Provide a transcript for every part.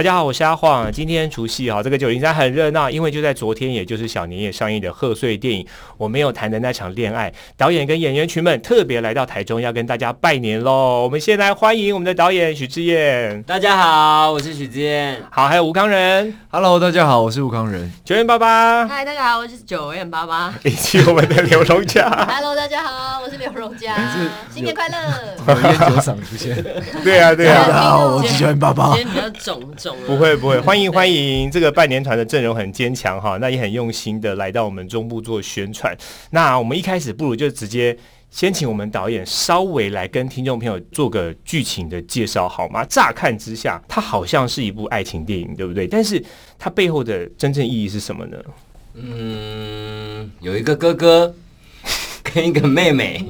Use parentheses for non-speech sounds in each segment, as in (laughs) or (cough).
大家好，我是阿晃。今天除夕啊，這個九零三很熱鬧，因為就在昨天，也就是小年夜上映的賀歲電影，我沒有談的那場戀愛，導演跟演員群們特別來到台中，要跟大家拜年嘍。我們先來歡迎我們的導演許智彥。大家好，我是許智彥。好，還有吳慷仁。Hello，大家好，我是吳慷仁。9m88。嗨，大家好，我是 9m88。以及我們的劉容嘉。Hello，大家好，我是劉容嘉。 (laughs) 新年快樂。酒嗓出現。對啊，對啊。大家好，我是 9m88。今天比較腫腫。不會不會，歡迎歡迎！這個拜年團的陣容很堅強哈，那也很用心的來到我們中部做宣傳。那我們一開始不如就直接先請我們導演稍微來跟聽眾朋友做個劇情的介紹好嗎？乍看之下，它好像是一部愛情電影，對不對？但是它背後的真正意義是什麼呢？嗯，有一個哥哥跟一個妹妹。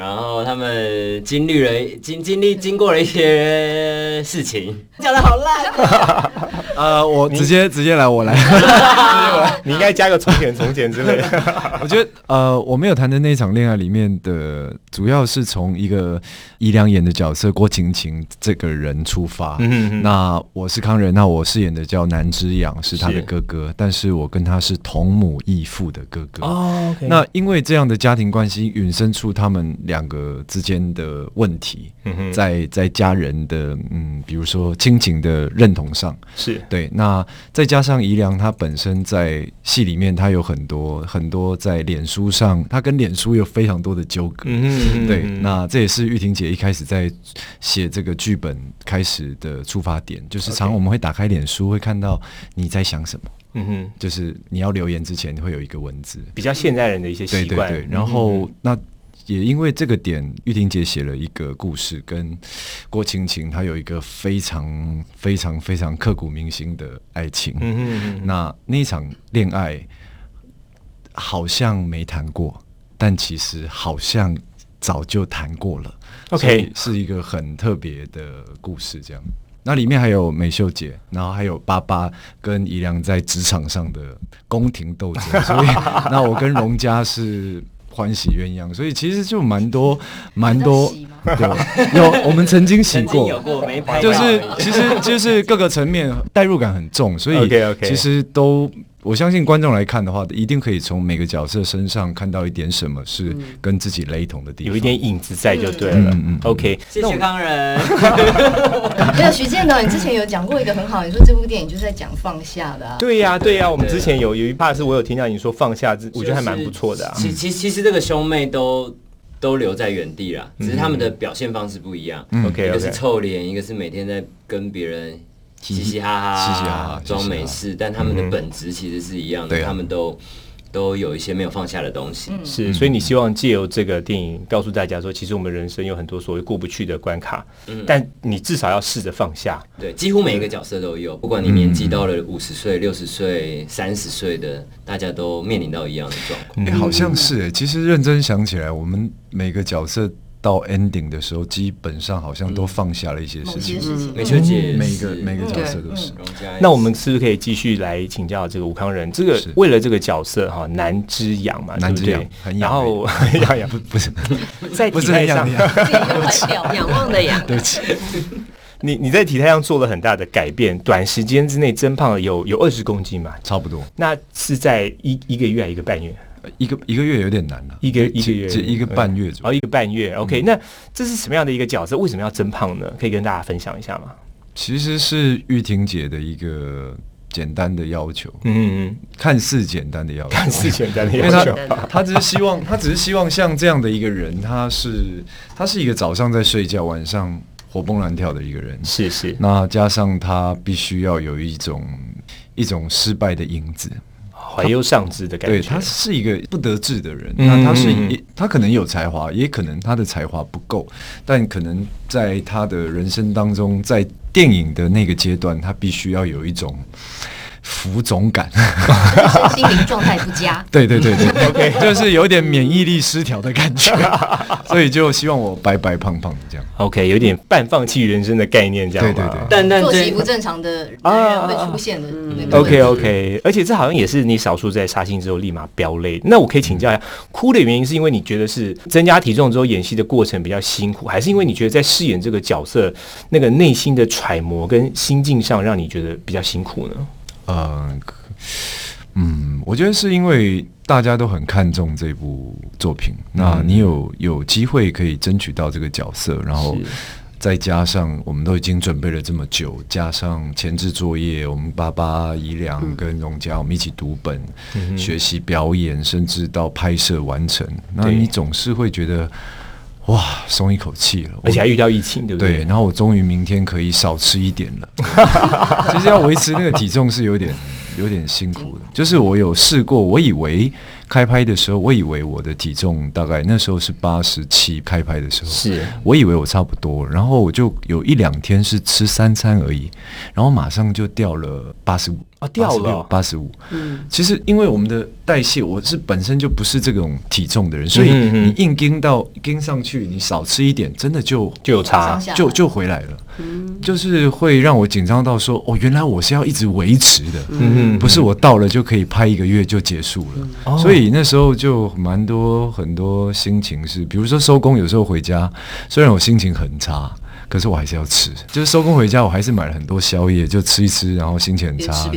然後他們經歷了經經歷經過了一些事情，講的好爛啊。 (laughs) 呃，我直接你 直接來，我來。 (laughs) 你應該加個重點重點之類的。我覺得呃，我沒有談的那場戀愛裡面的，主要是從一個伊良演的角色郭晴晴這個人出發。嗯哼那我是慷仁，那我飾演的叫南之陽，是他的哥哥，是但是我跟他是同母異父的哥哥。哦。Okay、那因為這樣的家庭關係，衍生出他們兩個之間的問題，嗯、哼在在家人的嗯，比如說親情的認同上。是對，那再加上怡良，他本身在戲裡面，他有很多很多在臉書上，他跟臉書有非常多的糾葛。嗯哼嗯哼嗯對，那這也是玉婷姐一開始在寫這個劇本開始的出發點，就是常我們會打開臉書，會看到你在想什麼。嗯哼，就是你要留言之前會有一個文字，比較現代人的一些習慣。對，對對，然後，嗯哼，那。也因為這個點，玉婷姐寫了一個故事，跟郭晴晴她有一個非常非常非常刻骨銘心的愛情。嗯哼嗯哼，那那一場戀愛好像沒談過，但其實好像早就談過了。OK，是一個很特別的故事，這樣。那裡面還有美秀姐，然後還有88跟怡良在職場上的宮廷鬥爭。 (laughs) 所以，那我跟容嘉是。歡喜鴛鴦，所以其實就蠻多，蠻多，對吧？有我們曾經洗過，過就是沒拍，其實就是各個層面代入感很重，所以其實都。我相信觀眾來看的話，一定可以從每個角色身上看到一點什麼是跟自己雷同的地方，有一點影子在就對了。OK，謝謝慷仁，沒有 (laughs) (laughs) 徐建導，你之前有講過一個很好，你說這部電影就是在講放下的、啊對啊。對呀，對呀，我們之前有有一趴是我有聽到你說放下，我覺得還蠻不錯的、啊。其其其實這個兄妹都都留在原地了，嗯、只是他們的表現方式不一樣。OK，、嗯、一個是臭臉，嗯、一個是每天在跟別人。嘻嘻哈、啊、嘻嘻哈，裝沒事，嘻嘻但他們的本質其實是一樣的。嗯、他們都、嗯、都有一些沒有放下的東西，是。所以你希望借由這個電影告訴大家說，其實我們人生有很多所謂過不去的關卡，嗯、但你至少要試着放下。對，幾乎每一個角色都有，嗯、不管你年紀到了五十歲、六十歲、三十歲的，大家都面臨到一樣的狀況。你、嗯欸、好像是誒，其實認真想起來，我們每個角色。到 ending 的時候，基本上好像都放下了一些事情。美秋，每個每個角色都是。那我們是不是可以繼續來請教這個吳慷仁？這個為了這個角色哈，南之仰嘛。南之仰，然後，養養，不是不是，不是很癢的癢，仰望的仰。對，你你在體態上做了很大的改變，短時間之內增胖有有二十公斤吧，差不多。那是在一一個月，一個半月。一個一個月有點難了，啊，一個一個月，一個半月左右。哦，一個半月，OK。嗯、那這是什麼樣的一個角色？為什麼要增胖呢？可以跟大家分享一下嗎？其實是玉婷姐的一個簡單的要求，嗯，嗯，看似簡單的要求，看似、嗯、簡單的要求。她只是希望，她只是希望像這樣的一個人，他是他是一個早上在睡覺，晚上活蹦亂跳的一個人，謝謝是。那加上他必須要有一種一種失敗的因子。懷憂喪志的感覺，對，他是一個不得志的人。嗯、那他是，他可能有才華，也可能他的才華不夠，但可能在他的人生當中，在電影的那個階段，他必須要有一種。浮腫感，心靈狀態不佳。 (laughs) 對對對對 (laughs) ，OK，就是有點免疫力失調的感覺， (laughs) (laughs) 所以就希望我白白胖胖的這樣。OK，有點半放棄人生的概念這樣。 (laughs) 對對對，對，但但作息不正常的人啊啊啊啊會出現的那個 OK OK，而且這好像也是你少數在殺青之後立馬飆淚。那我可以請教一下，哭的原因是因為你覺得是增加體重之後演戲的過程比較辛苦，還是因為你覺得在飾演這個角色那個內心的揣摩跟心境上讓你覺得比較辛苦呢？呃，uh, 嗯，我覺得是因為大家都很看重這部作品。嗯、那你有有機會可以爭取到這個角色，然後再加上我們都已經準備了這麼久，加上前置作業，我們八八、姨良跟容嘉我們一起讀本、嗯、學習表演，甚至到拍攝完成，嗯、那你總是會覺得。哇，鬆一口氣了，我而且還遇到疫情，對不對？對，然後我終於明天可以少吃一點了。其 (laughs) 實要維持那個體重是有點有點辛苦的。就是我有試過，我以為開拍的時候，我以為我的體重大概那時候是八十七，開拍的時候是我以為我差不多，然後我就有一兩天是吃三餐而已，然後馬上就掉了八十五。啊，掉了八十,八十五。嗯，其實因為我們的代謝，我是本身就不是這種體重的人，所以你硬盯到盯上去，你少吃一點，真的就就有差，就就回來了。嗯，就是會讓我緊張到說，哦，原來我是要一直維持的，嗯嗯，不是我到了就可以拍一個月就結束了。嗯，所以那時候就蠻多很多心情是，比如說收工有時候回家，雖然我心情很差。可是我還是要吃，就是收工回家，我還是買了很多宵夜，就吃一吃，然後心情很差，別別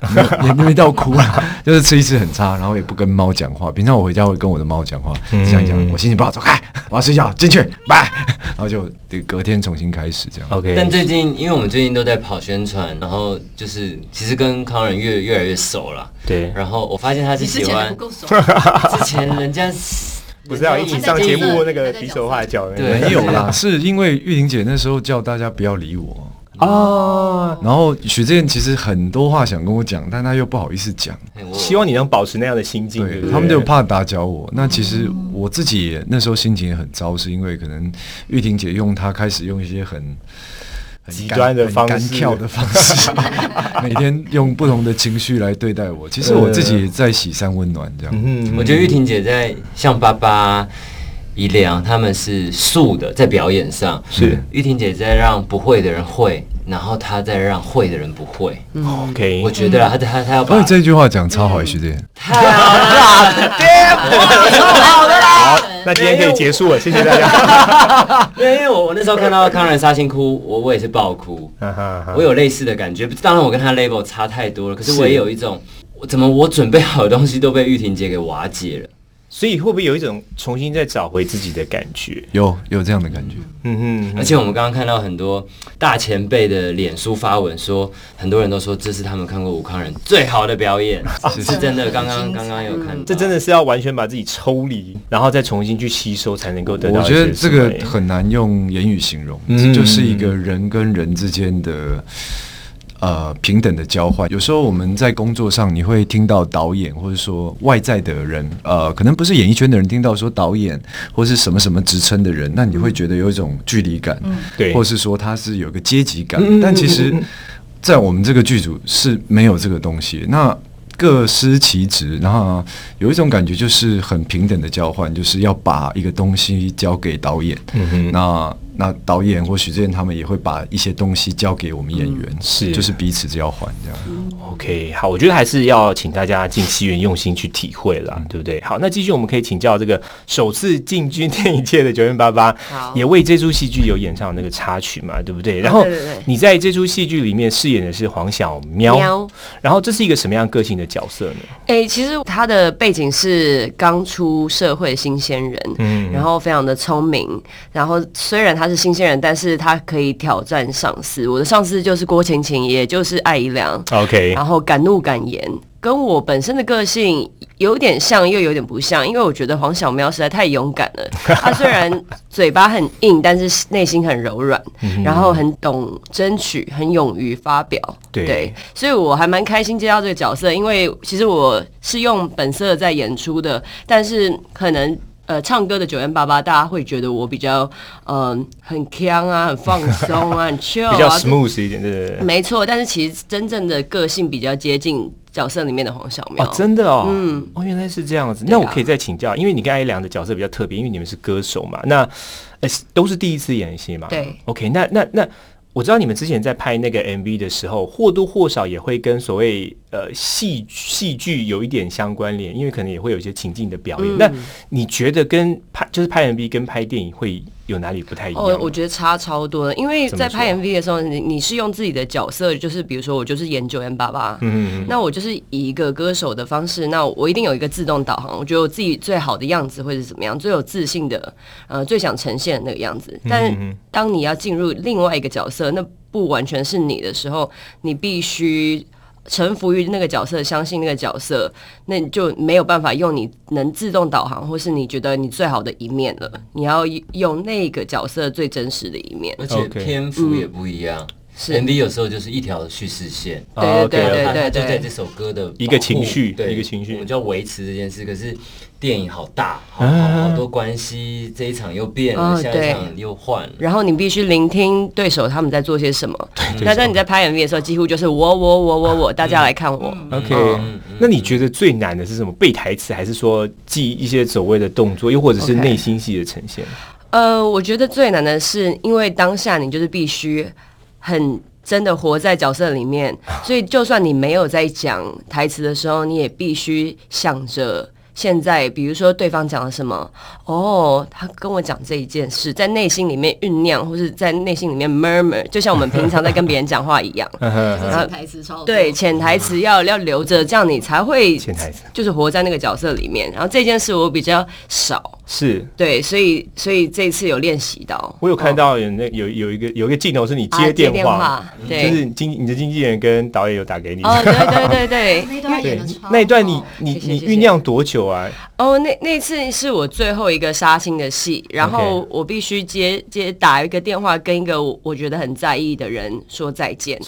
然後沒 (laughs) 到哭了，就是吃一吃很差，然後也不跟貓講話。平常我回家我會跟我的貓講話，講一講，嗯、我心情不好，走開，我要睡覺，進去拜，然後就隔天重新開始這樣。OK。但最近，因為我們最近都在跑宣傳，然後就是其實跟慷仁越越來越熟了，對。然後我發現他是喜歡之前, (laughs) 之前人家。不是要一起上節目那個比手畫腳？沒有啦，是因為玉婷姐那時候叫大家不要理我啊。然後許智彥其實很多話想跟我講，但他又不好意思講。希望你能保持那樣的心境。對。他們就怕打攪我。那其實我自己那時候心情也很糟，是因為可能玉婷姐用它開始用一些很極端的方式，跳的方式，每天用不同的情緒來對待我。其實我自己在洗三溫暖這樣。嗯， (music) 我覺得玉婷姐在像爸爸、怡良，他們是素的，在表演上是玉婷姐在讓不會的人會，然後她再讓會的人不會。OK，我覺得啊，她她她要把你這句話講超好，徐姐。太好了， (laughs) 那今天可以結束了，謝謝大家。哈、哎、呀 (laughs) 因為我我那時候看到康仁殺青哭，我，我我也是爆哭，啊哈啊哈，我有類似的感覺。當然，我跟他 level 差太多了，可是我也有一種，是怎麼我準備好的東西都被玉婷姐給瓦解了？所以會不會有一種重新再找回自己的感覺？有有這樣的感覺，嗯哼嗯哼。而且我們剛剛看到很多大前輩的臉書發文說，很多人都說這是他們看過吳慷仁最好的表演。是真的。啊、剛剛剛剛有看到，嗯、這真的是要完全把自己抽離，然後再重新去吸收，才能夠得到。我覺得這個很難用言語形容，嗯、這就是一個人跟人之間的。呃，平等的交換。有時候我們在工作上，你會聽到導演或者說外在的人，呃，可能不是演藝圈的人聽到說導演或是什麼什麼職稱的人，那你會覺得有一種距離感，對、嗯，或是說他是有個階級感。嗯、但其實，在我們這個劇組是沒有這個東西。嗯嗯嗯，那各司其職，然後有一種感覺就是很平等的交換，就是要把一個東西交給導演。嗯、哼那。那導演或許這樣他們也會把一些東西交給我們演員，嗯、是,是就是彼此交換這樣。嗯、OK，好，我覺得還是要請大家進戲院用心去體會啦，嗯、對不對？好，那繼續我們可以請教這個首次進軍電影界的 9m88，也為這出戲劇有演唱那個插曲嘛，嗯、對不對？然後你在這出戲劇裡面飾演的是黃小喵，喵然後這是一個什麼樣個性的角色呢？哎、欸，其實他的背景是剛出社會新鮮人，嗯，然後非常的聰明，然後雖然他。是新鮮人，但是他可以挑戰上司。我的上司就是郭晴晴，也就是艾怡良。OK，然後敢怒敢言，跟我本身的個性有點像，又有點不像。因為我覺得黃小喵實在太勇敢了。她、 (laughs) 啊、雖然嘴巴很硬，但是內心很柔軟，嗯、哼然後很懂爭取，很勇於發表。對,對，所以我還蠻開心接到這個角色，因為其實我是用本色在演出的，但是可能。呃，唱歌的 9m88，大家會覺得我比較，嗯、呃，很鏘啊，很放鬆啊，很 chill、啊、 (laughs) 比較 smooth 是一點，對對對，對，沒錯。但是其實真正的個性比較接近角色裡面的黃小明。哦，真的哦，嗯，哦，原來是這樣子。那、啊、我可以再請教，因為你跟艾良的角色比較特別，因為你們是歌手嘛，那，呃，都是第一次演戲嘛，對。OK，那那那。那我知道你們之前在拍那個 MV 的時候，或多或少也會跟所謂呃戲戲劇有一點相關聯，因為可能也會有一些情境的表演。嗯、那你覺得跟拍就是拍 MV 跟拍電影會？有哪裡不太一樣？我，oh, 我覺得差超多的，因為在拍 MV 的時候，你你是用自己的角色，就是比如說我就是演 9m88，嗯，嗯，嗯那我就是以一個歌手的方式，那我一定有一個自動導航，我覺得我自己最好的樣子或者是怎麼樣，最有自信的，呃，最想呈現的那個樣子。但是當你要進入另外一個角色，那不完全是你的時候，你必須，臣服於那個角色，相信那個角色，那你就沒有辦法用你能自動導航，或是你覺得你最好的一面了。你要用那個角色最真實的一面，而且篇幅也不一樣。嗯、是 MV 有時候就是一條敘事線，對對對對，對對對對對就在這首歌的一個情緒，對一個情緒，我就要維持這件事，可是。電影好大，好好，好，好多關係，啊、這一場又變了，哦、下一場又換了。然後你必須聆聽對手他們在做些什麼。那在對你在拍 MV 的時候，幾乎就是我我我我我，我，啊、大家來看我。嗯、OK，那你覺得最難的是什麼？背台詞，還是說記一些走位的動作，又或者是內心戲的呈現？Okay, 呃，我覺得最難的是，因為當下你就是必須很真的活在角色裡面，啊、所以就算你沒有在講台詞的時候，你也必須想着。現在，比如說對方講了什麼，哦，他跟我講這一件事，在內心裡面醞釀，或是在內心裡面 murmur，就像我們平常在跟別人講話一樣。潛台詞超多。對，潛台詞要要留着，這樣你才會潛台詞，就是活在那個角色裡面。然後這件事我比較少。是對，所以所以這次有練習到，我有看到有那有有一個有一個鏡頭是你接電話，對，就是經你的經紀人跟導演有打給你，哦對對對，那一段你你你醞釀多久啊？哦，那那次是我最後一個殺青的戲，然後我必須接接打一個電話跟一個我覺得很在意的人說再見，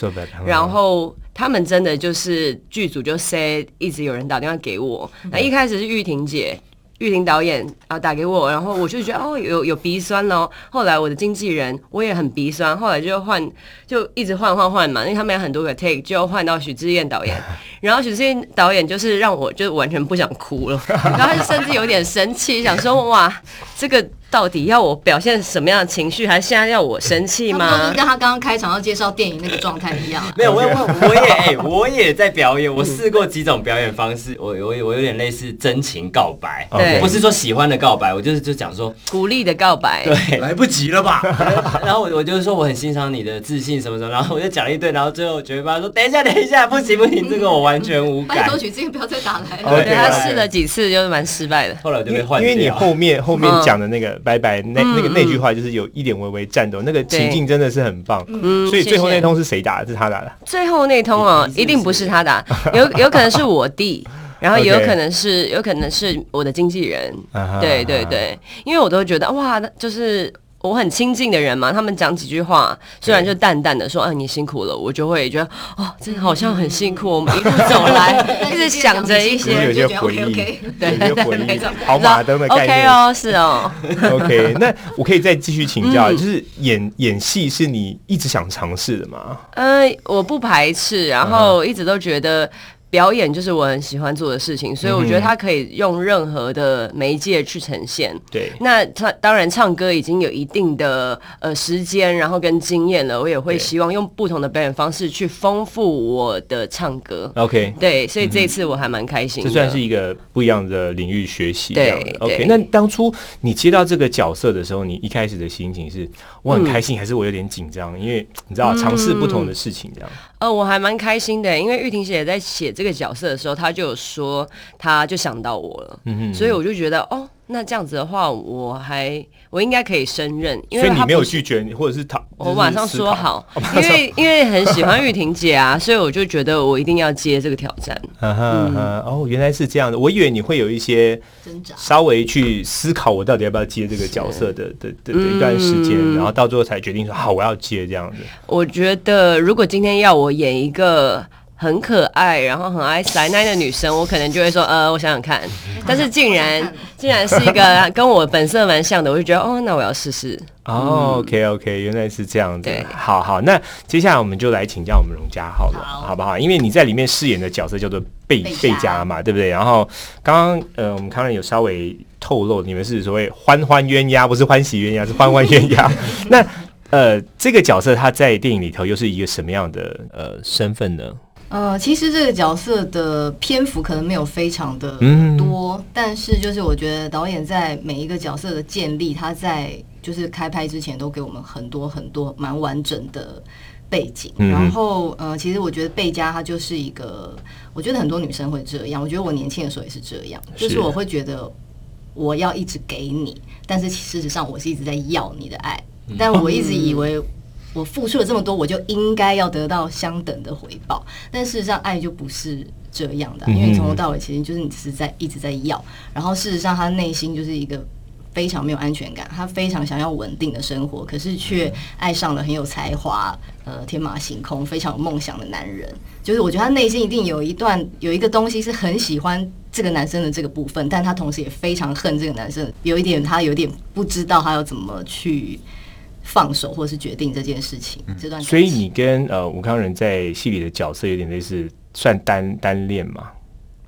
然後他們真的就是劇組就 say 一直有人打電話給我，那一開始是玉婷姐。玉婷導演啊，打給我，然後我就覺得哦，有有，有鼻酸咯。後來我的經紀人，我也很鼻酸。後來就換，就一直換換換嘛，因為他們有很多個 take，就換到許智彥導演。然後許智彥導演就是讓我就完全不想哭了， (laughs) 然後他就甚至有點生氣，想說哇，這個。到底要我表現什麼樣的情緒？還是現在要我生氣嗎？就跟他剛剛開場要介紹電影那個狀態一樣 (laughs) 沒有，我也，我也，我也在表演。我試過幾種表演方式。我，我，我有點類似真情告白，Okay. 不是說喜歡的告白，我就是就講說鼓勵的告白。對，來不及了吧？然後我，我就說我很欣賞你的自信什麼什麼。然後我就講一頓，然後最後 9m88 說等一下，等一下，不行不行，嗯、這個我完全無感。嗯、多舉這個，不要再打來了。對 okay, okay. 他試了幾次，就是蠻失敗的。後來我就被換，因為你後面後面講的那個、嗯。拜拜，那那個那句話就是有一點微微顫抖，嗯、那個情境真的是很棒，嗯、所以最後那通是誰打的、嗯？謝謝是他打的？最後那通哦，一，次一定不是他打， (laughs) 有有可能是我弟， (laughs) 然後也有可能是 (laughs) 有可能是我的經紀人， (laughs) 對對對，因為我都會覺得哇，就是。我很親近的人嘛，他們講幾句話，對雖然就淡淡的說啊，你辛苦了，我就會覺得哦，真的好像很辛苦，我們一路走來，一直 (laughs) 想着一些，有一些回憶，有些回憶，跑馬燈的概念、 (laughs) okay、哦，是哦 (laughs) ，OK，那我可以再繼續請教， (laughs) 嗯、就是演演戲是你一直想嘗試的嗎？呃，我不排斥，然後一直都覺得。表演就是我很喜歡做的事情，所以我覺得他可以用任何的媒介去呈現。對、嗯哼，那他當然唱歌已經有一定的呃時間，然後跟經驗了。我也會希望用不同的表演方式去豐富我的唱歌。OK，對，所以這一次我還蠻開心、嗯。這算是一個不一樣的領域學習。對，OK。那當初你接到這個角色的時候，你一開始的心情是我很開心，嗯、還是我有點緊張？因為你知道嘗試、嗯、不同的事情這樣。呃、哦，我還蠻開心的，因為玉婷姐在寫這個角色的時候，她就有說，她就想到我了，嗯哼嗯，所以我就覺得，哦。那這樣子的話我，我還我應該可以勝任，因為你沒有拒絕，你，或者是他，我馬上說好，討因為 (laughs) 因為很喜歡玉婷姐啊，所以我就覺得我一定要接這個挑戰。哦，原來是這樣的，我以為你會有一些稍微去思考我到底要不要接這個角色的是的的,的,的、嗯、一段時間，然後到最後才決定說好我要接這樣子。我覺得如果今天要我演一個。很可愛，然後很愛塞奶的女生，我可能就會說，呃，我想想看。但是竟然竟然是一個跟我本色蠻像的，我就覺得，哦，那我要試試。哦、嗯 oh,，OK，OK，、okay, okay, 原來是這樣子。對好好，那接下來我們就來請教我們容嘉好了，好,好不好？因為你在裡面飾演的角色叫做貝貝佳,佳嘛，對不對？然後剛剛呃，我們看到有稍微透露，你們是所謂歡歡冤家，不是歡喜冤家，是歡歡冤家。 (laughs) 那呃，這個角色她在電影裡頭又是一個什麼樣的呃身份呢？呃，其實這個角色的篇幅可能沒有非常的多，嗯、但是就是我覺得導演在每一個角色的建立，他在就是開拍之前都給我們很多很多蠻完整的背景。嗯、然後呃，其實我覺得貝佳他就是一個，我覺得很多女生會這樣，我覺得我年輕的時候也是這樣，是就是我會覺得我要一直給你，但是事實上我是一直在要你的愛，但我一直以為、嗯。嗯我付出了這麼多，我就應該要得到相等的回報。但事實上，愛就不是這樣的，因為從頭到尾，其實就是你是在嗯嗯嗯一直在要。然後，事實上，他內心就是一個非常沒有安全感，他非常想要穩定的生活，可是卻愛上了很有才華、呃，天馬行空、非常有夢想的男人。就是我覺得他內心一定有一段有一個東西是很喜歡這個男生的這個部分，但他同時也非常恨這個男生，有一點他有點不知道他要怎麼去。放手，或是決定這件事情。嗯、這段，所以你跟呃吳慷仁在戲裡的角色有點類似，算單單戀嗎？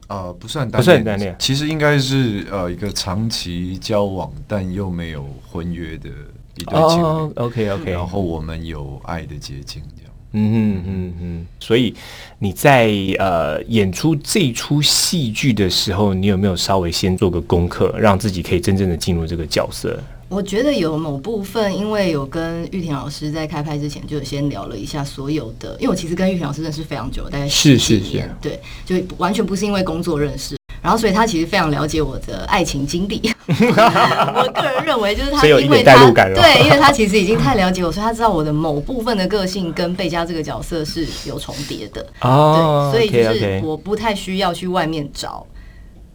呃，不算單，不算單戀，其實應該是呃一個長期交往但又沒有婚約的一段情侶，oh, OK OK，然後我們有愛的結晶這樣。嗯哼嗯嗯嗯，所以你在呃演出這一出戲劇的時候，你有沒有稍微先做個功課，讓自己可以真正的進入這個角色？我覺得有某部分，因為有跟玉婷老師在開拍之前就先聊了一下所有的，因為我其實跟玉婷老師認識非常久，大概是是是是，對，就完全不是因為工作認識，然後所以他其實非常了解我的愛情經歷。 (laughs) (laughs) 我個人認為就是他是因為他有 (laughs) 對，因為他其實已經太了解我，所以他知道我的某部分的個性跟貝加這個角色是有重疊的哦、oh,，對，所以就是我不太需要去外面找。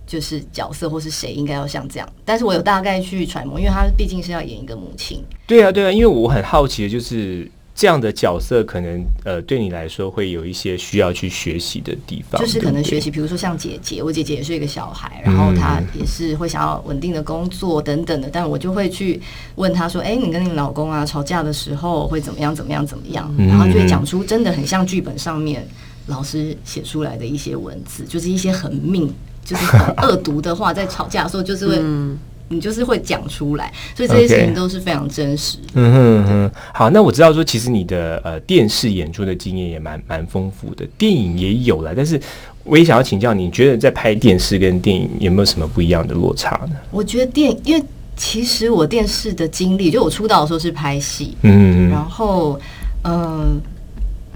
就是角色或是誰應該要像這樣，但是我有大概去揣摩，因為他畢竟是要演一個母親。對啊，對啊，因為我很好奇的就是這樣的角色，可能呃對你來說會有一些需要去學習的地方。就是可能學習，對不對？比如說像姐姐，我姐姐也是一個小孩，然後她也是會想要穩定的工作等等的，嗯、但我就會去問她說：“哎、欸，你跟你老公啊吵架的時候會怎麼樣？怎麼樣？怎麼樣？”然後就會講出真的很像劇本上面老師寫出來的一些文字，就是一些很命。就是很、呃、惡毒的話，在吵架的時候，就是會， (laughs) 嗯，你就是會講出來，所以這些事情都是非常真實的。嗯 Okay. 嗯哼哼。好，那我知道說，其實你的呃電視演出的經驗也蠻蠻豐富的，電影也有了，但是我也想要請教你，你覺得在拍電視跟電影有沒有什麼不一樣的落差呢？我覺得電，因為其實我電視的經歷，就我出道的時候是拍戲，嗯哼，然後，嗯、呃。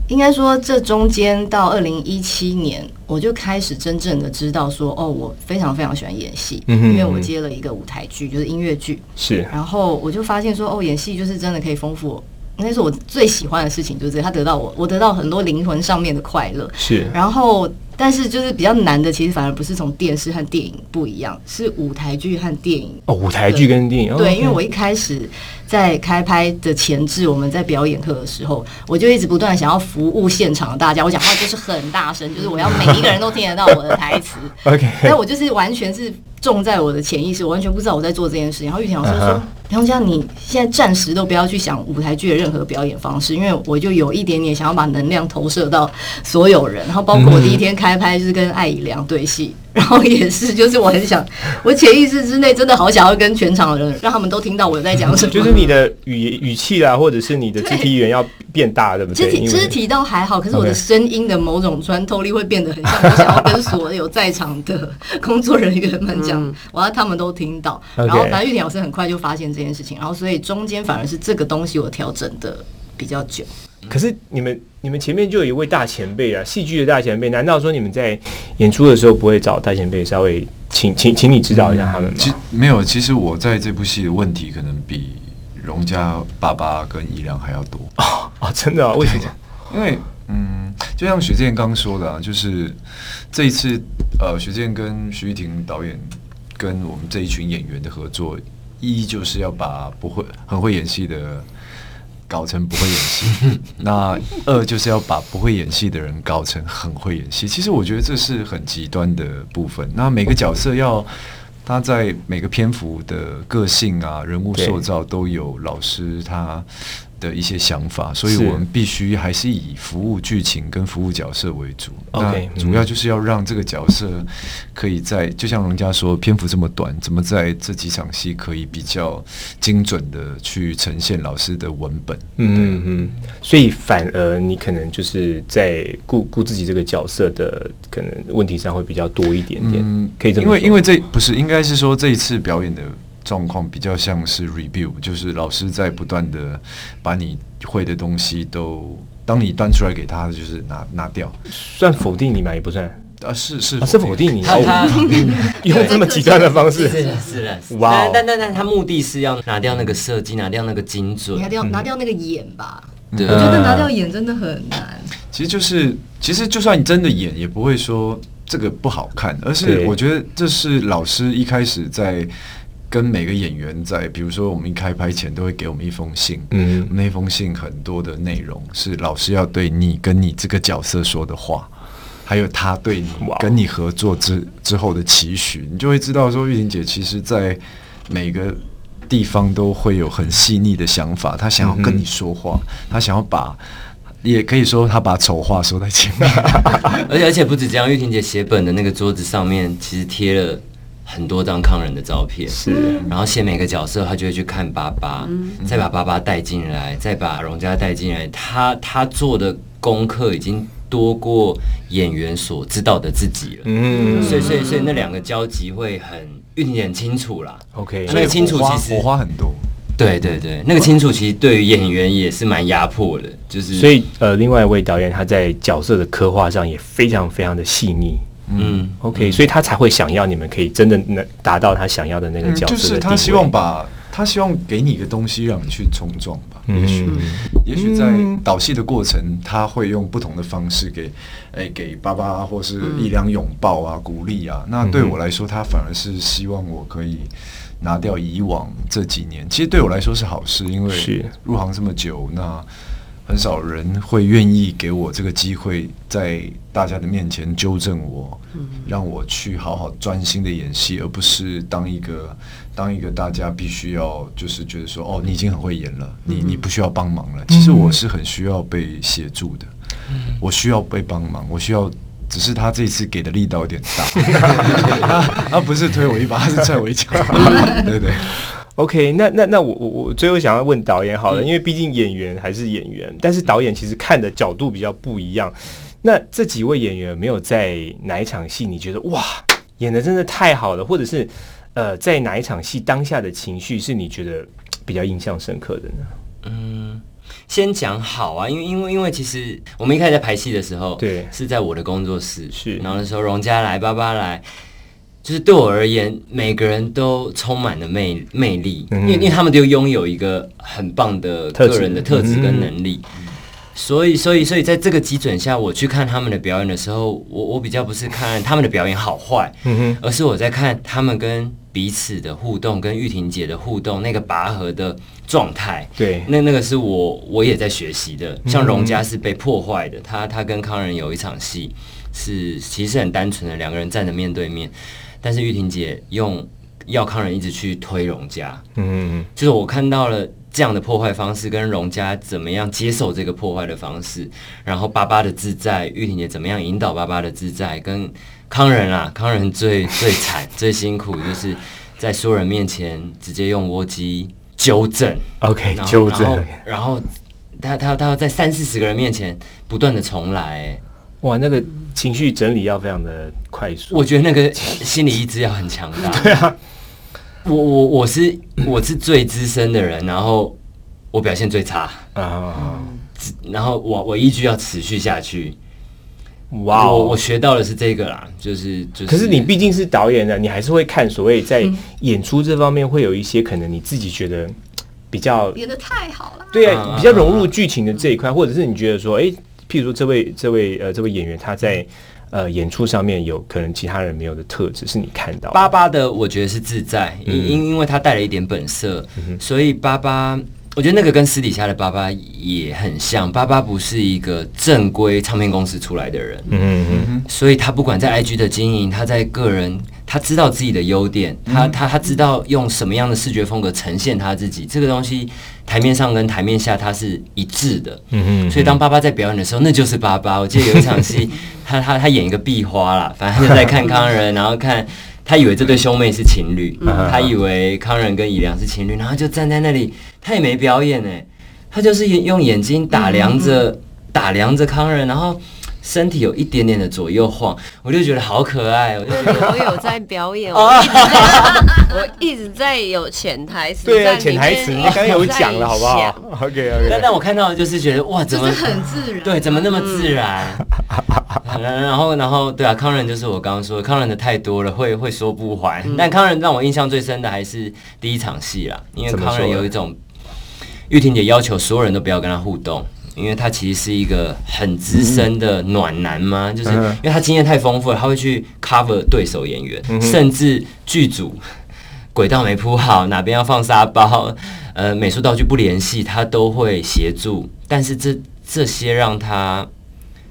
應該說，這中間到二零一七年，我就開始真正的知道說，哦，我非常非常喜歡演戲，嗯哼，嗯，因為我接了一個舞台劇，就是音樂劇，是，然後我就發現說，哦，演戲就是真的可以豐富，那是我最喜歡的事情，就是他得到我，我得到很多靈魂上面的快樂，是，然後。但是就是比較難的，其實反而不是從電視和電影不一樣，是舞台劇和電影哦。舞台劇跟電影對，哦 okay，因為我一開始在開拍的前置，我們在表演課的時候，我就一直不斷想要服務現場的大家。我講話就是很大聲， (laughs) 就是我要每一個人都聽得到我的台詞。OK， (laughs) 但我就是完全是重在我的潛意識，我完全不知道我在做這件事。然後玉婷老師說。Uh huh. 好像你現在暫時都不要去想舞台劇的任何表演方式，因為我就有一點點想要把能量投射到所有人，然後包括我第一天開拍就是跟艾怡良對戲，嗯、然後也是，就是我很想，我潛意識之內真的好想要跟全場的人，讓他們都聽到我在講什麼。就是你的語語氣啦，或者是你的肢體語言要變大，對，對不對？肢體肢體倒還好，可是我的聲音的某種穿透力會變得很像 Okay. 我想要跟所有在場的工作人員們講，我要，嗯、他們都聽到。Okay. 然後白玉田老師很快就發現這。這件事情，然後、哦、所以中間反而是這個東西我調整的比較久。嗯、可是你們你們前面就有一位大前輩啊，戲劇的大前輩，難道說你們在演出的時候不會找大前輩稍微請請請你指導一下他們、嗯、其沒有，其實我在這部戲的問題可能比容嘉爸爸跟伊良還要多啊！啊、哦哦，真的啊、哦？為什麼？因為嗯，就像徐健剛說的啊，就是這一次呃，徐健跟徐譽庭導演跟我們這一群演員的合作。一就是要把不會、很會演戲的搞成不會演戲， (laughs) 那二就是要把不會演戲的人搞成很會演戲。其實我覺得這是很極端的部分。那每個角色要 Okay. 他在每個篇幅的個性啊、人物塑造都有老師他。對他的一些想法，所以我們必須還是以服務劇情跟服務角色為主。OK，那主要就是要讓這個角色可以在， (laughs) 就像人家說，篇幅這麼短，怎麼在這幾場戲可以比較精準的去呈現老師的文本？嗯嗯。所以反而你可能就是在顧顧自己這個角色的可能問題上會比較多一點點。嗯，可以這麼說，因為因為這不是應該是說這一次表演的。狀況比較像是 review，就是老師在不斷的把你會的東西都，當你端出來給他，就是拿拿掉，算否定你嘛？也不算啊，是是否、啊、是否定你？文他，他 (laughs) 對用這麼極端的方式，是是是，哇！Wow 但但但他目的是要拿掉那個設計，拿掉那個精準，拿掉拿掉那個眼吧？嗯、對我覺得拿掉眼真的很難、啊。其實就是，其實就算你真的演，也不會說這個不好看，而是我覺得這是老師一開始在。跟每個演員在，比如說我們一開拍前都會給我們一封信，嗯，那封信很多的內容是老師要對你跟你這個角色說的話，還有他對你跟你合作之 Wow 之後的期許，你就會知道說玉婷姐其實在每個地方都會有很細膩的想法，她想要跟你說話，嗯、她想要把，也可以說她把醜話說在前面，而且 (laughs) 而且不止這樣，玉婷姐寫本的那個桌子上面其實貼了。很多張慷仁的照片，是，然後寫每個角色，他就會去看爸爸，嗯、再把爸爸帶進來，嗯、再把容嘉帶進來，他他做的功課已經多過演員所知道的自己了，嗯，所，所以所以所以那兩個交集會很一點清楚啦，OK，那個清楚其實火花，火花很多，對對對，那個清楚其實對於演員也是蠻壓迫的，就是所以呃，另外一位導演他在角色的刻畫上也非常非常的細膩。嗯，OK，嗯，所以他才會想要你們可以真的能達到他想要的那個角色。嗯，就是他希望把，他希望給你一個東西，讓你去衝撞吧。也許、也許、嗯、在導戲的過程，他會用不同的方式給，誒、欸，給爸爸或是力量擁抱啊，嗯、鼓勵啊。那對我來說，他反而是希望我可以拿掉以往這幾年。其實對我來說是好事，嗯、因為入行這麼久那。很少人會願意給我這個機會，在大家的面前糾正我，讓我去好好專心的演戲，而不是當一個當一個大家必須要就是覺得說哦，你已經很會演了，你你不需要幫忙了。其實我是很需要被協助的，我需要被幫忙，我需要。只是他這次給的力道有點大， (laughs) 他不是推我一把，他是踹我一腳。 (laughs) 對對、對。OK，那那那我我我最後想要問導演好了，嗯、因為畢竟演員還是演員，嗯、但是導演其實看的角度比較不一樣。嗯、那這幾位演員沒有在哪一場戲你覺得哇演得真的太好了，或者是呃在哪一場戲當下的情緒是你覺得比較印象深刻的呢？嗯，先講好啊，因為因為因為其實我們一開始在排戲的時候，對，是在我的工作室，是然後的時候容嘉來，爸爸來。就是對我而言，每個人都充滿了魅魅力，因為因為他們都擁有一個很棒的個人的特質跟能力，所以所以所以在這個基準下，我去看他們的表演的時候，我我比較不是看他們的表演好壞，而是我在看他們跟彼此的互動，跟玉婷姐的互動，那個拔河的狀態，對，那那個是我我也在學習的。像容嘉是被破壞的，他他跟慷仁有一場戲是其實是很單純的，兩個人站着面對面。但是玉婷姐用要慷仁一直去推容嘉，嗯，嗯，嗯就是我看到了這樣的破壞方式跟容嘉怎麼樣接受這個破壞的方式，然後爸爸的自在，玉婷姐怎麼樣引導爸爸的自在，跟慷仁啊，慷仁最最慘 (laughs) 最辛苦，就是在所有人面前直接用臥雞糾正，OK，糾正，okay, 然後正然後，然後他他他要在三四十個人面前不斷的重來，哇，那個。情緒整理要非常的快速。我覺得那個心理意志要很強大。 (laughs) 對啊，我我我是我是最資深的人，然後我表現最差啊，哦、然後我我意志要持續下去。哇、哦！我我學到的是這個啦，就是就是。可是你畢竟是導演的，你還是會看所謂在演出這方面會有一些可能你自己覺得比較演的太好了、啊，對啊，嗯、比較融入劇情的這一塊，嗯、或者是你覺得說哎。誒譬如這位、這位、呃，這位演員，他在呃演出上面有可能其他人沒有的特質，是你看到的。八八的，八八的我覺得是自在，因、嗯、因為，他帶了一點本色，嗯、哼所以八八，我覺得那個跟私底下的八八也很像。八八不是一個正規唱片公司出來的人，嗯哼，所以他不管在 IG 的經營，他在個人。他知道自己的優點，他他他知道用什麼樣的視覺風格呈現他自己，這個東西台面上跟台面下他是一致的。嗯嗯。所以當爸爸在表演的時候，那就是爸爸。我記得有一場戲， (laughs) 他他他演一個壁花啦，反正他就在看康仁， (laughs) 然後看他以為這對兄妹是情侶， (laughs) 他以為康仁跟怡良是情侶，然後就站在那裡，他也沒表演哎、欸，他就是用眼睛打量着 (laughs) 打量着康仁，然後。身體有一點點的左右晃，我就覺得好可愛。我就我有在表演，我一直在有潛台詞。對啊，潛台詞，你剛剛有講了，好不好 (laughs) ？OK OK。但但我看到的就是覺得哇，怎麼很自然？對，怎麼那麼自然？嗯、然後然後對啊，慷仁就是我剛剛說的，慷仁的太多了，會會說不還。嗯、但慷仁讓我印象最深的還是第一場戲啦，因為慷仁有一種玉婷姐要求所有人都不要跟他互動。因為他其實是一個很資深的暖男嘛，就是因為他經驗太豐富了，他會去 cover 對手演員，嗯、哼甚至劇組軌道沒鋪好，哪邊要放沙包，呃，美術道具不聯繫，他都會協助。但是這這些讓他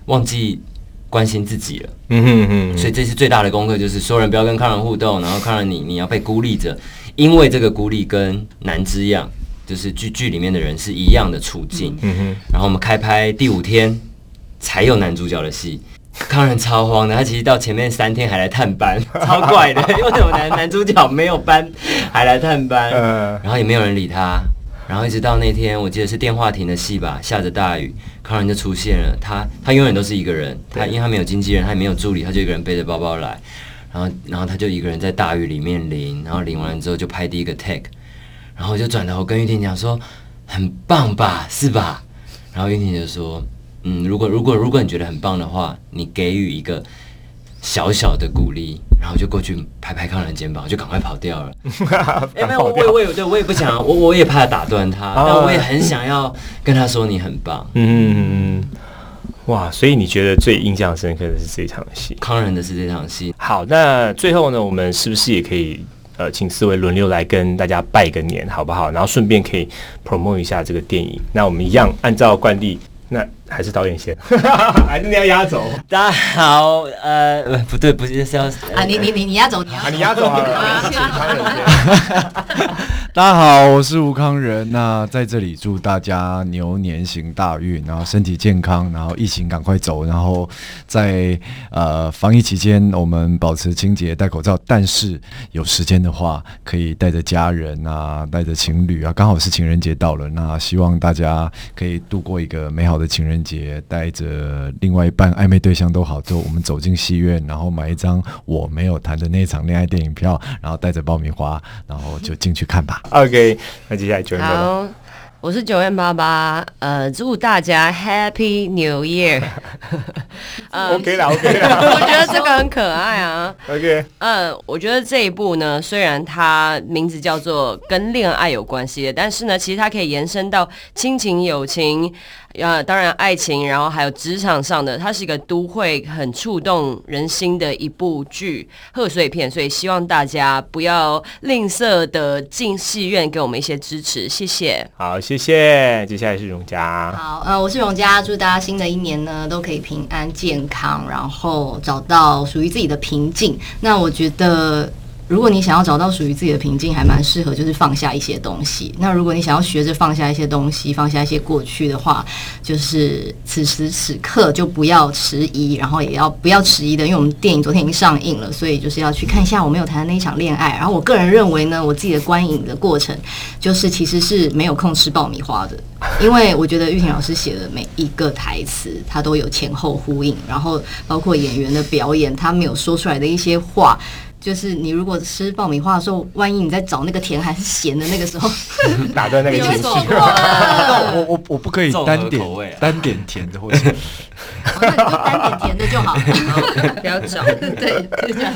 忘記關心自己了，嗯哼，哼，哼。所以這次最大的功課就是，所有人不要跟康仁互動，然後康仁你你要被孤立着，因為這個孤立跟難之一樣。就是劇劇裡面的人是一樣的處境，嗯、哼然後我們開拍第五天才有男主角的戲，慷仁超慌的。他其實到前面三天還來探班，超怪的， (laughs) 為什麼男男主角沒有班還來探班？嗯、然後也沒有人理他，然後一直到那天，我記得是電話亭的戲吧，下着大雨，慷仁就出現了。他他永遠都是一個人，對他因為他沒有經紀人，他也沒有助理，他就一個人背着包包來，然後然後他就一個人在大雨裡面淋，然後淋完之後就拍第一個 take。然後我就轉頭跟玉婷講說：“很棒吧，是吧？”然後玉婷就說：“嗯，如果如果如果你覺得很棒的話，你給予一個小小的鼓勵，然後就過去拍拍慷仁肩膀，就趕快跑掉了。”哎 (laughs) 跑掉、欸，沒有，我我有，對我，我，我也不想，我我也怕打斷他，但、 (laughs) 啊、我也很想要跟他說你很棒。嗯嗯嗯嗯，哇！所以你覺得最印象深刻的是這場戲，慷仁的是這場戲。好，那最後呢，我們是不是也可以？呃，請四位輪流來跟大家拜個年，好不好？然後順便可以 promote 一下這個電影。那我們一樣按照慣例，那還是導演先， (laughs) 還是你要壓軸？大家好，呃，不對，不是是要啊，你你你你壓軸，你，你，你啊，你壓軸 (laughs) 啊，大家好，我是吳慷仁、啊。那在這裡祝大家牛年行大運，然後身體健康，然後疫情趕快走。然後在呃防疫期間，我們保持清潔，戴口罩。但是有時間的話，可以帶着家人啊，帶着情侶啊，剛好是情人節到了，那希望大家可以度過一個美好的情人節。帶着另外一半曖昧對象都好，就我們走進戲院，然後買一張我沒有談的那場戀愛電影票，然後帶着爆米花，然後就進去看吧。OK，那接下來 9m88。好，我是 9m88，呃，祝大家 Happy New Year。OK 了，OK 了。Okay、 (laughs) 我覺得這個很可愛啊。OK。嗯，我覺得這一部呢，雖然它名字叫做跟戀愛有關係的，但是呢，其實它可以延伸到親情、友情。呃、啊、當然，愛情，然後還有職場上的，它是一個都會很觸動人心的一部劇賀歲片，所以希望大家不要吝嗇的進戲院給我們一些支持，謝謝。好，謝謝。接下來是容嘉。好，呃，我是容嘉，祝大家新的一年呢都可以平安健康，然後找到屬於自己的平靜。那我覺得。如果你想要找到屬於自己的平靜，還蠻適合就是放下一些東西。那如果你想要學着放下一些東西，放下一些過去的話，就是此時此刻就不要遲疑，然後也要不要遲疑的，因為我們電影昨天已經上映了，所以就是要去看一下我沒有談的那一場戀愛。然後我個人認為呢，我自己的觀影的過程就是其實是沒有空吃爆米花的，因為我覺得玉婷老師寫的每一個台詞，他都有前後呼應，然後包括演員的表演，他沒有說出來的一些話。就是你如果吃爆米花的時候，萬一你在找那個甜還是鹹的那個時候，打斷那個情緒 (laughs) ，我我我不可以單點、啊、單點甜的或者， (laughs) 啊、單點甜的就好，不要找，對，就這樣，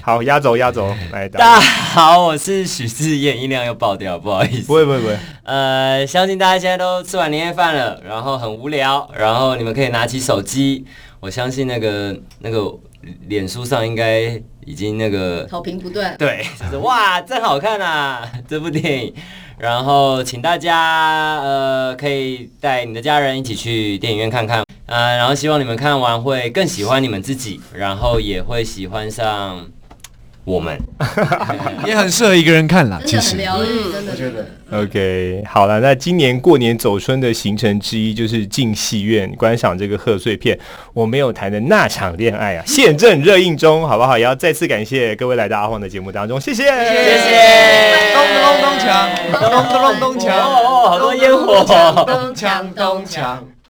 好壓軸壓軸，來，大家好，我是許智彥，音量又爆掉，不好意思，不會不會不會，呃，相信大家現在都吃完年夜飯了，然後很無聊，然後你們可以拿起手機，我相信那個那個。臉書上應該已經那個好評不斷，對，就是哇，真好看啊！這部電影，然後請大家呃可以帶你的家人一起去電影院看看啊，然後希望你們看完會更喜歡你們自己，然後也會喜歡上。我們 (laughs) 也很適合一個人看啦，其實很療癒，真的覺得。OK，好了，那今年過年走春的行程之一就是進戲院觀賞這個賀歲片《我沒有談的那場戀愛》啊，現正熱映中，好不好？也要再次感謝各位來到阿黃的節目當中，謝謝，謝謝。咚咚咚咚咚咚咚咚咚咚好多煙火，咚咚咚咚